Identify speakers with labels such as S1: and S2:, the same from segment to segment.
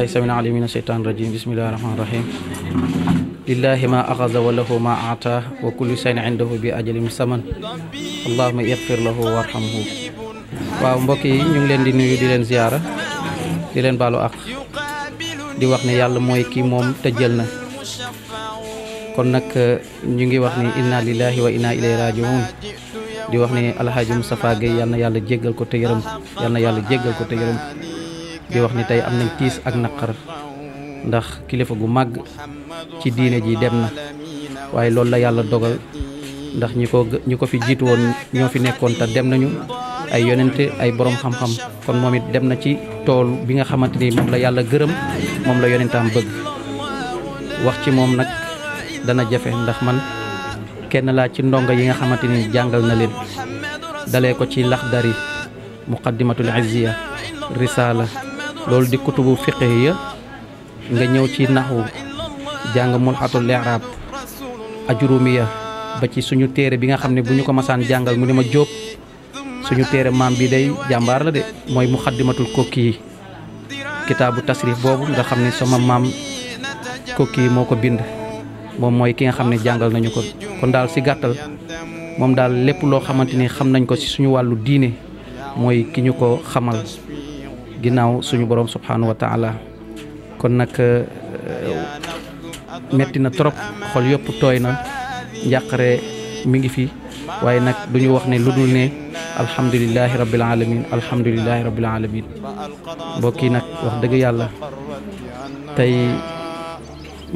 S1: billahi samina ali min asheytan rajim bismillahi rahmani rahim lillahi ma axaza wa lahu ma ata wa kullu shay'in indahu bi ajalin saman allahuma yaxfir lahu warhamhu waaw mbokk yi ñu ngi leen di nuyu di leen ziyaara di leen baalu ak di wax ne yàlla mooy kii moom te jël na kon nag euh, ñu ngi wax ni inna lillahi wa inna ilayhi rajiun di wax ne alhaaji Moustapha Gueye yal na yàlla jéggal ko te yërëm yàlla jéggal ko te yërëm di wax ni tey am nañ tiis ak naqar ndax kilifa gu màgg ci diine ji dem na waaye loolu la yàlla dogal ndax ñi ko ñi ko fi jiitu woon ñoo fi nekkoon te dem nañu ay yonente ay boroom xam-xam kon moom it dem na ci tool bi nga xamante ni moom la yàlla gërëm moom la yonentaam bëgg wax ci moom nag dana jafe ndax man kenn laaj ci ndongo yi nga xamante ni jàngal na leen dalee ko ci laxdari muqaddimatul izziya risala loolu di kutubu fiqhiya nga ñëw ci naxwu jàng mulxatul leeraab ajurumiya ba ci suñu téere bi nga xam ne bu ñu ko masaan jàngal mu ne ma jóob suñu téere maam bi day jàmbaar la de mooy muxaddimatul kokki yi kitaabu tasrif boobu nga xam ne sama maam kokki yi moo ko bind moom mooy ki nga xam ne jàngal nañu ko kon daal si gàttal moom daal lépp loo xamante ni xam nañ ko ci suñu wàllu diine mooy ki ñu ko xamal ginnaaw suñu borom subhanahu wa kon nag euh, metti na trop xol yëpp tooy na njàqare mi ngi fi waaye nag du ñu wax ne lu dul ne alhamdulilahi rabbil alamin alhamdulilahi rabbil alamin mbokk yi nag wax dëgg yàlla tey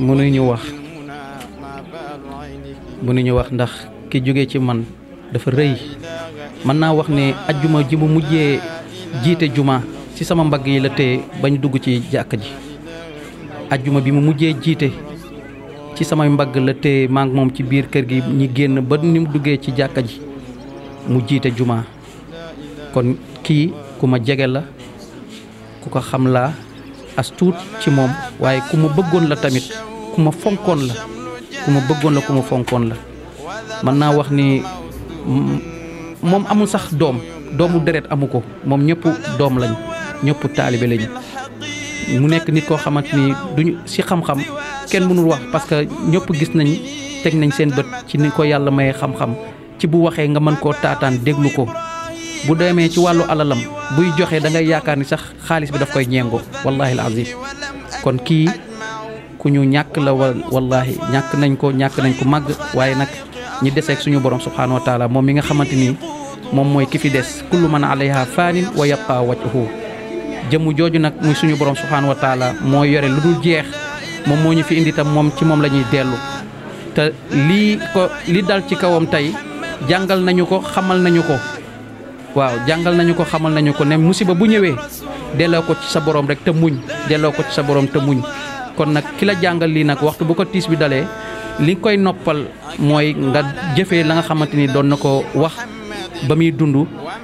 S1: mënuñu wax mënuñu wax ndax ki jóge ci man dafa rëy mën naa wax ne ajjuma ji mu mujjee jiite juma ci sama mbagg yi la téye bañ dugg ci jàkk ji juma bi mu mujjee jiite ci samay mbagg la téye maa moom ci biir kër gi ñi génn ba ni duggee ci jàkka ji mu jiite jumaa kon kii ku ma jege la ku ko xam laa astuut ci moom waaye ku ma bëggoon la tamit ku ma fonkoon la ku ma bëggoon la ku ma fonkoon la mën naa wax ni moom amul sax doom doomu deret amu ko moom ñëpp doom lañu ñëpp taalibe lañu mu nekk nit koo xamante ni duñu si xam-xam kenn mënul wax parce que ñëpp gis nañ teg nañ seen bët ci ni ko yàlla may xam-xam ci bu waxee nga mën koo taataan déglu ko bu demee ci wàllu alalam buy joxe da ngay yaakaar ni sax xaalis bi daf koy ñeengo wallahi alazim kon kii ku ñu ñàkk la wallahi ñàkk nañ ko ñàkk nañ ko màgg waaye nag ñi deseeg suñu borom subhanahu wa taala moom mi nga xamante ni moom mooy ki fi des kullu man alayha jëmm jooju nag muy suñu borom subhaanahu wa taala moo yore lu dul jeex moom moo ñu fi indi tam moom ci moom la ñuy dellu te lii ko li dal ci kawam tey jàngal nañu ko xamal nañu ko waaw jàngal nañu ko xamal nañu ko ne musiba bu ñëwee delloo ko ci sa borom rek te muñ delloo ko ci sa borom te muñ kon nag ki la jàngal lii nag waxtu bu ko tiis bi dalee li koy noppal mooy nga jëfee la nga xamante ni doon na ko wax ba muy dund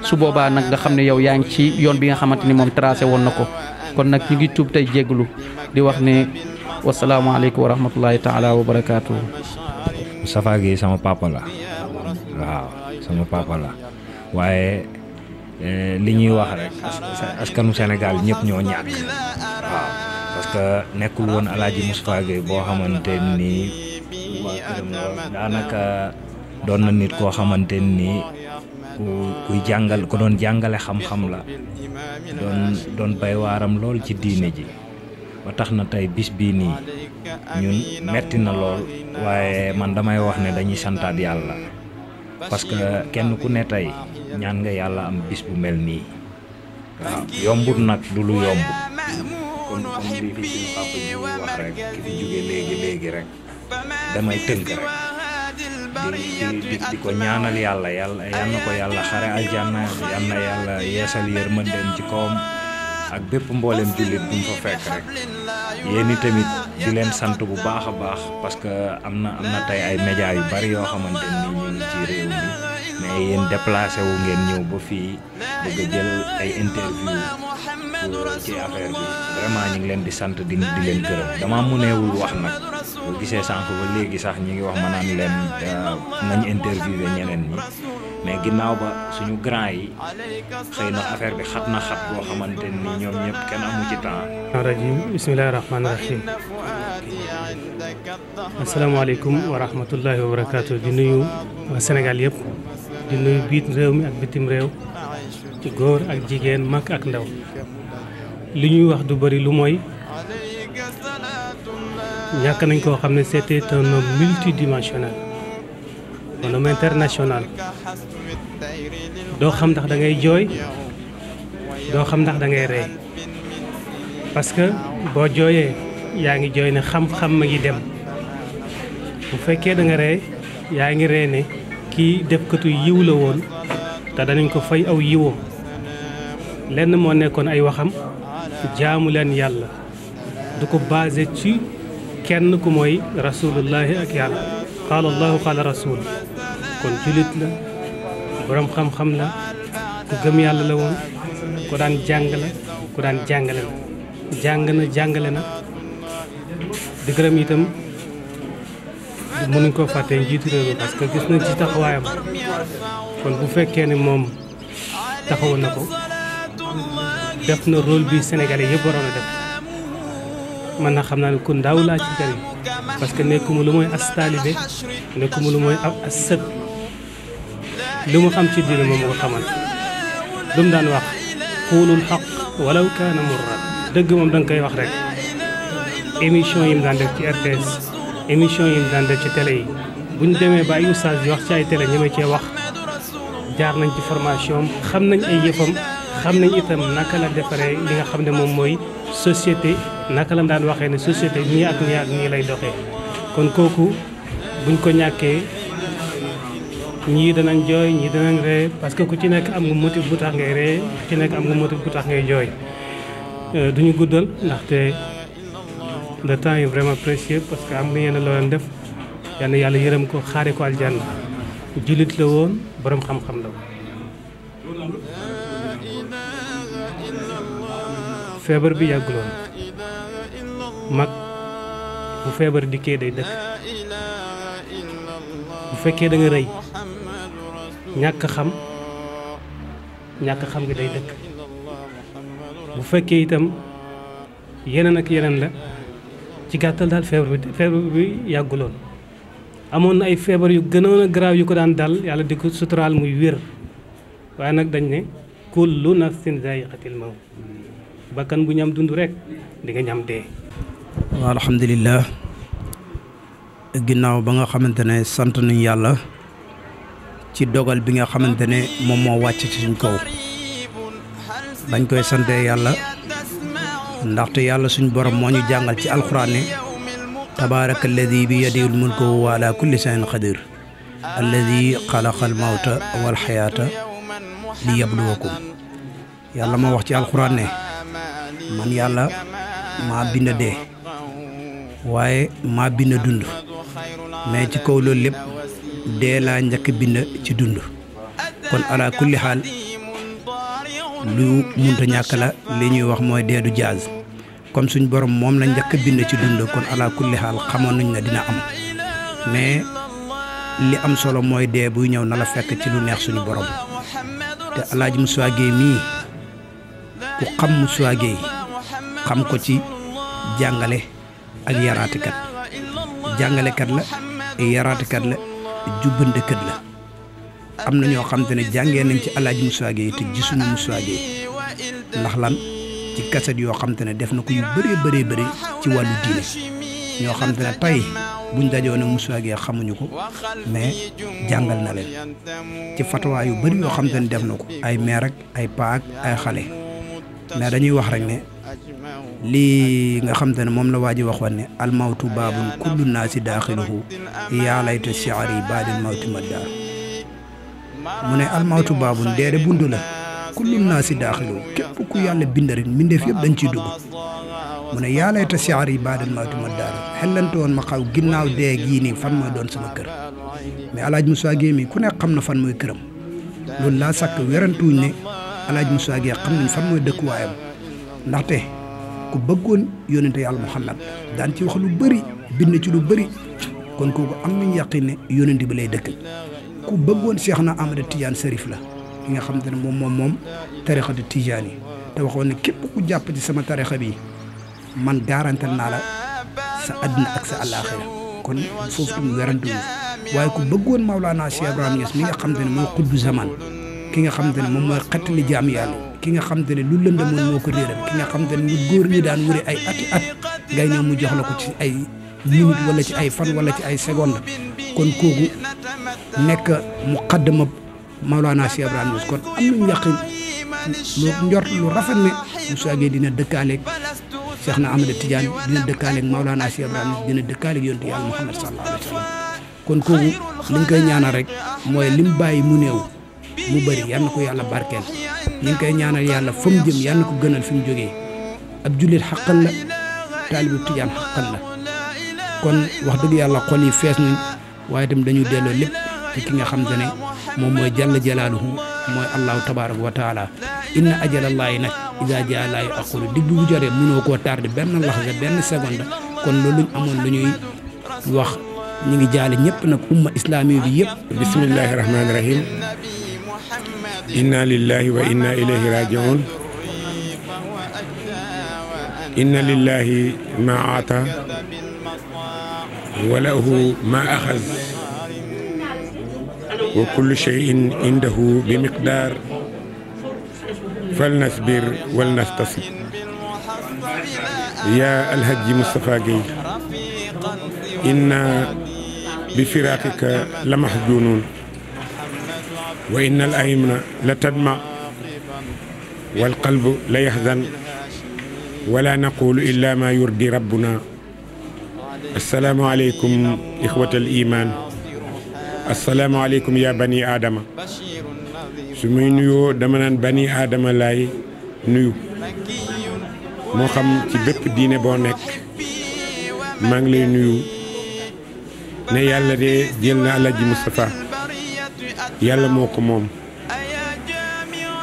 S1: su boobaa nag nga xam ne yow yaa ngi ci yoon bi nga xamante ni moom tracé woon na ko kon nag ñu ngi tuub tey jégalu di wax ni wasalaamaaleykum
S2: wa rahmatullahi taala wa barakaatu. Moustapha Gueye sama papa la waaw sama papa la waaye eh, li ñuy wax rek askanu Sénégal ñëpp ñoo ñàkk waaw parce que nekkul woon alaaji Moustapha Gueye boo xamante nii waa këram daanaka doon na nit koo xamante nii ku kuy jàngal ku doon jàngale xam-xam la doon doon bay waaram lool ci diine ji ba tax na tey bis bii nii ñun metti na lool waaye man damay wax ne dañuy santaat yàlla parce que kenn ku ne tey ñaan nga yàlla am bis bu mel nii waaw yombut nag du lu yomb kon comme li fi suñu papa ñu wax rek ki fi jóge léegi léegi rek damay tënk rek di di ko ñaanal yàlla yàlla yal ko yàlla xare aljanna yal na yàlla yeesal yërmandeem ci kawam ak bépp mbooleem jullit bu mu fa fekk rek yéen tamit di leen sant bu baax a baax parce que am na am na tey ay médias yu bari yoo xamante ni ñu ngi ci réew mi mais yéen déplacé wu ngeen ñëw ba fii bëgg a jël ay interview ci affaire bi vraiment ñu ngi leen di sant di di leen gërëm dama mëneewul wax nag. boo gisee sànq ba léegi sax ñi ngi wax ma naan leen euh, nañ interviewé ñeneen ñi mais ginnaaw ba suñu grand yi xëy na affaire bi xat na xat boo xamante ni ñoom ñëpp kenn amu ci temps.
S3: rajim bismillahi rahmaani rahim wa rahmatullahi wa barakaatu di nuyu waa Sénégal yëpp di nuyu biit réew mi ak bitim réew ci góor ak jigéen mag ak ndaw li ñuy wax du bari lu mooy. ñàkk nañ koo xam ne c'était un homme dimensional un homme international doo xam ndax dangay ngay jooy doo xam ndax dangay ngay rey parce que boo jooyee yaa ngi jooy ne xam-xam ma ngi dem bu fekkee da nga rey yaa ngi rey ne kii defkatu yiw la woon te danañ ko fay aw yiwoom lenn moo nekkoon ay waxam jaamu leen yàlla du ko basé ci kenn ku mooy rasulullahi ak yàlla qaala allahu qaala kon julit la borom xam-xam la ku gëm yàlla la woon ku daan jàng la ku daan jàngale la jàng na jàngale na di gërëm itam mënuñ koo fàtte njiitu réew mi parce que gis nañ ci taxawaayam kon bu fekkee ne moom taxaw na ko def na rôle bi Sénégalais yëpp waroon a def man na xam naa ne ku ndaw laa ci kër gi parce que nekkuma lu mooy as taalibe nekkuma lu mooy ab as sët li mu xam ci diine moom ko xamal lu mu daan wax xuulul xaq walaw kaana murra dëgg moom danga koy wax rek émission yi mu daan def ci RTS émission yi mu daan def ci télé yi bu ñu demee ba ay ustaas yi wax ci ay télé ñi ma cee wax jaar nañ ci formation xam nañ ay yëfam xam nañ itam naka la defaree li nga xam ne moom mooy société naka lam daan waxee ne société ñii ak ñii ak ñii lay doxee kon kooku buñ ko ñàkkee ñii danañ jooy ñii danañ ree parce que ku ci nekk am nga motif bu tax ngay ree ku ci nekk am nga motif bu tax ngay jooy euh, duñu guddal ndaxte le temps est vraiment précieux parce que am nga yenn loo leen def yal yàlla yërëm ko xaare ko aljanna jullit la woon boroom xam-xam la feebar bi yàgguloon mag bu feebar dikkee day dëkk bu fekkee da nga rëy ñàkk xam ñàkk xam gi day dëkk bu fekkee itam yeneen ak yeneen la ci gàttal daal feebar bi feebar bi yàgguloon amoon na ay feebar yu gënoon a garaaw yu ko daan dal yàlla di ko suturaal muy wér waaye nag dañ ne kullu nafsin zaiqatil mawt bakkan bu ñam dund rek di nga ñam dee
S4: waaw alhamdulilah ginnaaw ba nga xamante ne sant nañ yàlla ci dogal bi nga xamante ne moom moo wàcc ci suñ kaw bañ koy santee yàlla ndaxte yàlla suñ borom moo ñu jàngal ci alxuraan ne tabaaraka alladi bi yadihul mulku wa ala kulli shay'in qadir alladi xalaqa mawta wal xayaata li yabluwakum yàlla moo wax ci alxuraan ne man yàlla maa bind dee waaye maa bind dund mais ci kaw loolu lépp dee laa njëkk bind ci dund kon ala kulli xaal lu munta ñàkk la li ñuy wax mooy dee du jaaz kon suñu borom moom la njëkk bind ci dund kon ala kulli xaal xamoon nañ ne dina am mais li am solo mooy dee buy ñëw na la fekk ci lu neex suñu borom te alaaji Moussa Gueye mii ku xam Moussa Gueye xam ko ci jàngale ak yaraatekat jàngalekat la yaraatekat la jubbantekat la am na ñoo xam te ne jàngee nañ ci alaaji Moussa Gueye te gisuma Moussa Gueye ndax lan ci kaset yoo xam te ne def na ko yu bëree bëree bëri ci wàllu diine ñoo xam te ne tey buñ dajoo ne Moussa Gueye xamuñu ko mais jàngal na leen ci fatawaa yu bëri yoo xam te ne def na ko ay meer ay paa ay xale mais dañuy wax rek ne lii nga xam te ne moom la waa ji waxoon ne almawtu baabun kullu naasi daaxiluhu yaa layta shi'ri baadil mawti maddaar mu ne almawtu baabun dee de bunt la kullu naasi daaxiluhu képp ku yàlla bind rek mbindeef yëpp dañ ciy dugg mu ne yaa layta shi'ri baadil mawti maddaar xellante woon ma xaw ginnaaw dee gii nii fan mooy doon sama kër mais alaaj Moussa Gueye mi ku nekk xam na fan mooy këram loolu laa sakk werantuuñ ne alaaj Moussa Gueye xam nañ fan mooy dëkkuwaayam ndaxte ku bëggoon yónnente yàlla Muhammad daan ci wax lu bari bind ci lu bëri kon kooku am nañu yàqin ne yónnente bi lay dëkkal ku bëggoon Cheikh na Amada Tidiane Serif la ki nga xam ne moom moom moom tarixa di Tidiane yi te waxoon ne képp ku jàpp ci sama tarixa bi man garantal naa la sa àddina ak sa àllaaxira kon foofu tam werante waaye ku bëggoon Maulana Cheikh Ibrahim Niass mi nga xam te ne mooy xuddu zaman ki nga xam ne moom mooy xettali jaam yàlla ki nga xam te ne lu lëndëmoon moo ko réeral ki nga xam te ne lu góor ñi daan wuri ay ati at ngay ñëw mu jox la ko ci ay minute wala ci ay fan wala ci ay seconde kon kooku nekk mu xaddama Maolana Cheikh Ibrahima kon am nañu yàqin lu njort lu rafet dina dëkkaaleeg Cheikh na Ahmada Tidiane dina dëkkaaleeg Maolana Cheikh Ibrahima dina dëkkaaleeg yonent yàlla Muhammad sallallahu alayhi wa sallam koy ñaanal rek mooy lim bàyyi mu néew. mu bëri yal na ko yàlla barkeel ñu ngi koy ñaanal yàlla fa mu jëm yal ko gënal fi mu jógee ab jullit xaqal la taalibu tijaan xaqal la kon wax dëgg yàlla xol yi fees nañ waaye tam dañuy delloo lépp ki nga xam te ne moom mooy jàll jalaaluhu mooy allahu tabaaraka wa taala inna ajalallaahi nag idaa jaa laa yu'axxaru digg bu joree mënoo koo tardé benn laxsa benn seconde kon loolu luñ amoon lu ñuy
S5: wax ñu ngi jaale ñëpp nag umma islaami bi yëpp bismillahi rahmaani rahim inna lillahi wa inna ilayhi rajiun inna lillahi ma aata wa lahu ma axaz wa kullu cheyin indahu bi miqdaar fal nasbir wal nastasib yaa alhaji Moustapha Gueye inna bi firaaqika la mahzuunuun wa inna al ayna la tadma wal qalbu la yahzan wala naqulu illa ma yurdi rabbuna assalaamu aleykum ixwatal imaan assalaamu aleykum yaa bani aadama su muy nuyoo dama naan bani aadama laay nuyu moo xam ci bépp diine boo nekk maa ngi lay nuyu ne yàlla de jël na alaaji Mustapha yàlla moo ko moom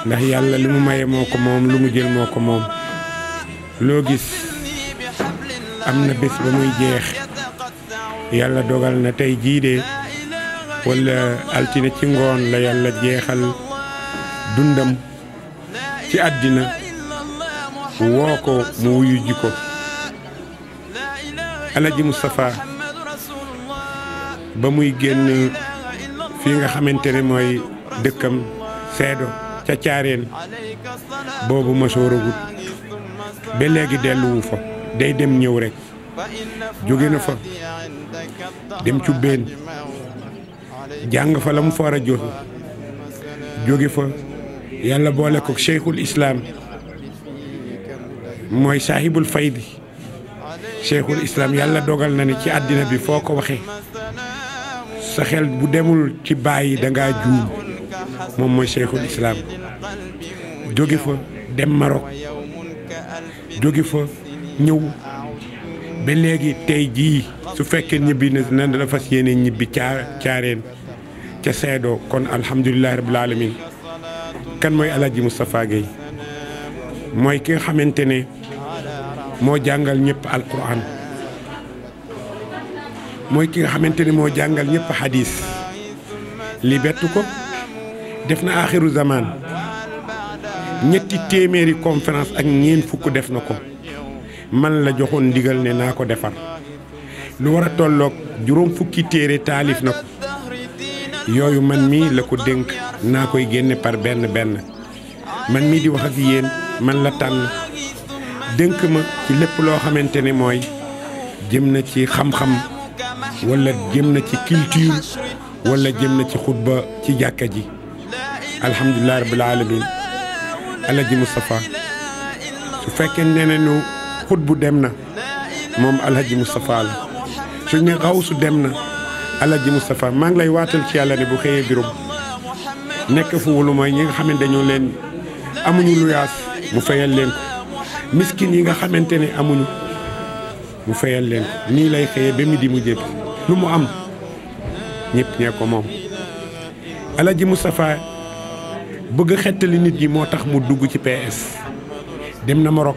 S5: ndax yàlla li mu maye moo ko moom lu mu jël moo ko moom loo gis am na bés ba muy jeex yàlla dogal na tey jii de wala altine ci ngoon la yàlla jeexal dundam ci àddina woo ko mu wuyu ji ko alaji Moustapha ba muy génn fii nga xamante ne mooy dëkkam seedo ca caareen boobu ma sóoragut ba léegi delluwu fa day dem ñëw rekk jóge na fa dem cubbeen jàng fa la mu foor a jóge jóge fa yàlla boole ko cheikhul islaam mooy fay bi cheikhul islaam yàlla dogal na ne ci àddina bi foo ko waxe sa xel bu demul ci bàyyi danga ngaa moom mooy cheikhul islam jóge fa dem Maroc jóge fa ñëw ba léegi tey jii su fekkee ñibbi na na fas yéene ñibbi caa caareen ca seedoo kon alhamdulilahi rabil alamin kan mooy Alaaji Moustapha Gueye mooy ki nga xamante ne moo jàngal ñépp alquran mooy ki nga xamante ni moo jàngal ñëpp xadis li bettu ko def na axiru zaman ñetti téeméeri conférence ak ñeen fukk def na ko man la joxoon ndigal ne naa ko defar lu war a tolloog juróom fukki téere taalif na ko yooyu man mi la ko dénk naa koy génne par benn benn man mii di wax ak yéen man la tànn dénk ma ci lépp loo xamante ne mooy jëm na ci xam-xam wala jëm na ci culture wala jëm na ci ba ci jàkka ji alhamdulilah rabbil alamin alaji Moustapha su fekkee nee nañu bu dem na moom ji Moustapha la su ne su dem na alhaji Moustapha maa ngi lay waatal ci yàlla ne bu xëyee birom nekk fu wulu mooy ñi nga xam ne dañoo leen amuñu luyaas mu fayal leen ko miskin yi nga xamante ne amuñu mu fayal leen ko nii lay xëyee ba midi mu jëpp lu mu am ñépp ñee ko moom Alaji Moustapha bëgg xettali nit yi moo tax mu dugg ci PS dem na Maroc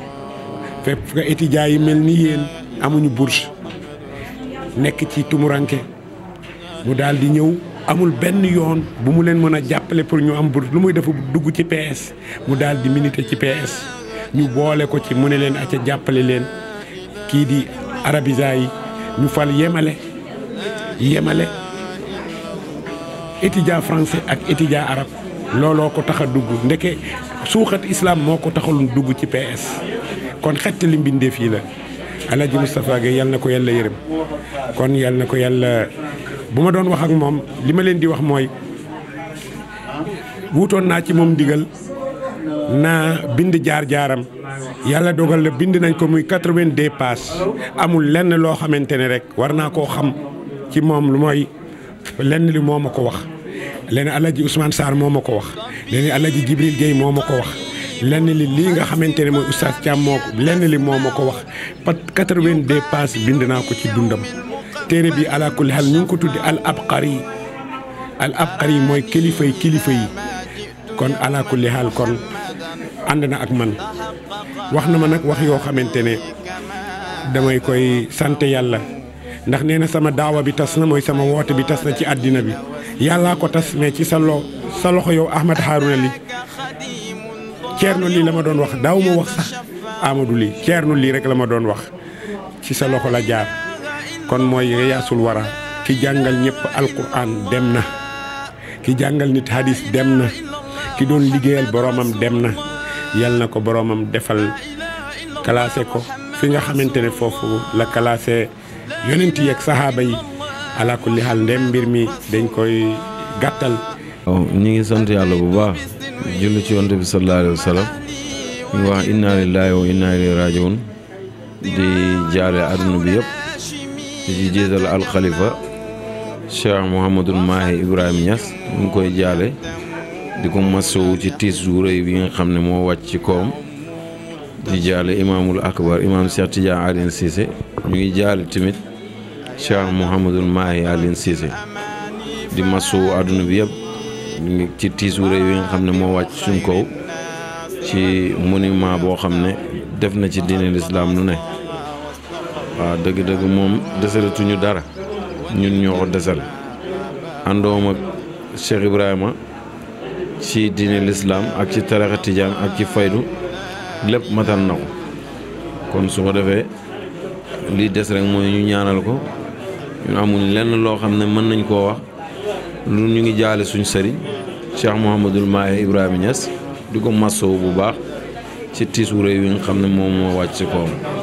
S5: fépp nga étudiants yi mel ni yéen amuñu bourse nekk ci tumuranke mu daal ñëw amul benn yoon bu mu leen mën a jàppale pour ñu am bourse lu muy dafa dugg ci PS mu daal di militer ci PS ñu boole ko ci mu ne leen acca jàppale leen kii di arabisa yi ñu fal yemale yemale étudiant français ak étudiant arab looloo ko tax a dugg ndeke suuxat islaam moo ko taxaloon dugg ci PS kon xett li mbindeef fii la Alaaji Moustapha yal na ko yàlla yërëm kon yal na ko yàlla bu ma doon wax ak moom li ma leen di wax mooy wuutoon naa ci moom ndigal na bind jaar-jaaram yàlla dogal la bind nañ ko muy quatre-vingt-deux amul lenn loo xamante ne rek war naa koo xam ci moom lu mooy lenn li moo ma ko wax lenn alaji Ousmane Sarr moo ma ko wax lenn alaji Jibril Gueye moo ma ko wax lenn li lii nga xamante ne mooy oustaz Thiam moo ko lenn li moo ma ko wax pat quatre-vingt-deux pages bind naa ko ci dundam téere bi ala kulli haal ñu ngi ko tuddi al abqari al abqari mooy kilifa yi kilifa yi kon ala kulli haal kon ànd na ak man wax na ma nag wax yoo xamante ne damay koy sant yàlla ndax nee na sama daawa bi tas na mooy sama woote bi tas na ci àddina bi yàllaa ko tas mais ci sa lo sa loxo yow Ahmed Harouna Ly Thierno lii la ma doon wax daaw ma wax sax Amadou lii Thierno lii rek la ma doon wax ci sa loxo la jaar kon mooy reyaasul wara ki jàngal ñépp alquran dem na ki jàngal nit hadis dem na ki doon liggéeyal boromam dem na yal na ko boromam defal classé ko fi nga xamante ne foofu la classé yonent yi ak saxaaba yi ala kulli xaal ndem mbir mi dañ koy gàttal.
S6: waaw oh, ñu ngi sant yàlla bu baax julli ci yonent bi sallallahu alayhi wa sallam ñu ngi wax inna lillahi di jaale àdduna bi yëpp di ci jiital alxalifa Cheikh Mouhamadul Mahi Ibrahima Niass ñu koy jaale di ko masowu ci tiis wu rëy xam ne moo wàcc ci kawam di jaale imaamul akbar imaam Cheikh Tidiane Alioune Cissé ñu ngi jaale tamit. Cheikh Mouhamadul Mahi Alioune Cissé di masu àdduna bi yëpp ci tiis wu rëy wi nga xam ne moo wàcc suñ kaw ci monument boo xam ne def na ci diine lislaam lu ne waaw dëgg-dëgg moom desalatuñu dara ñun ñoo ko desal àndoom ak Cheikh Ibrahima ci diine lislaam ak ci tarixa tijaan ak ci faydu lépp matal na ko kon su defee lii des rek mooy ñu ñaanal ko ñun amuñ lenn loo xam ne mën nañ koo wax lu ñu ngi jaale suñu sëriñ Cheikh Mouhamadul Mahi Ibrahima Niass di ko massoo bu baax ci tiisu réew yi nga xam ne moom moo wàcc si koom